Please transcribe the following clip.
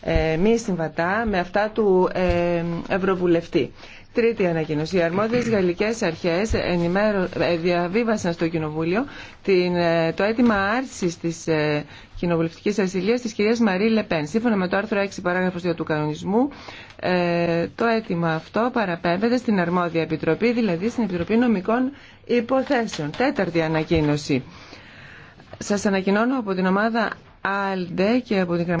Ε, μη συμβατά με αυτά του ε, Ευρωβουλευτή. Τρίτη ανακοίνωση. Οι αρμόδιες γαλλικές αρχές ενημέρω... Ε, διαβίβασαν στο Κοινοβούλιο την... το αίτημα άρσης της κοινοβουλευτικής ασυλίας της κυρίας Μαρή Λεπέν. Σύμφωνα με το άρθρο 6 παράγραφος 2 του κανονισμού, το αίτημα αυτό παραπέμπεται στην αρμόδια επιτροπή, δηλαδή στην Επιτροπή Νομικών Υποθέσεων. Τέταρτη ανακοίνωση. Σας ανακοινώνω από την ομάδα ALDE και από την